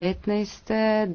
15. do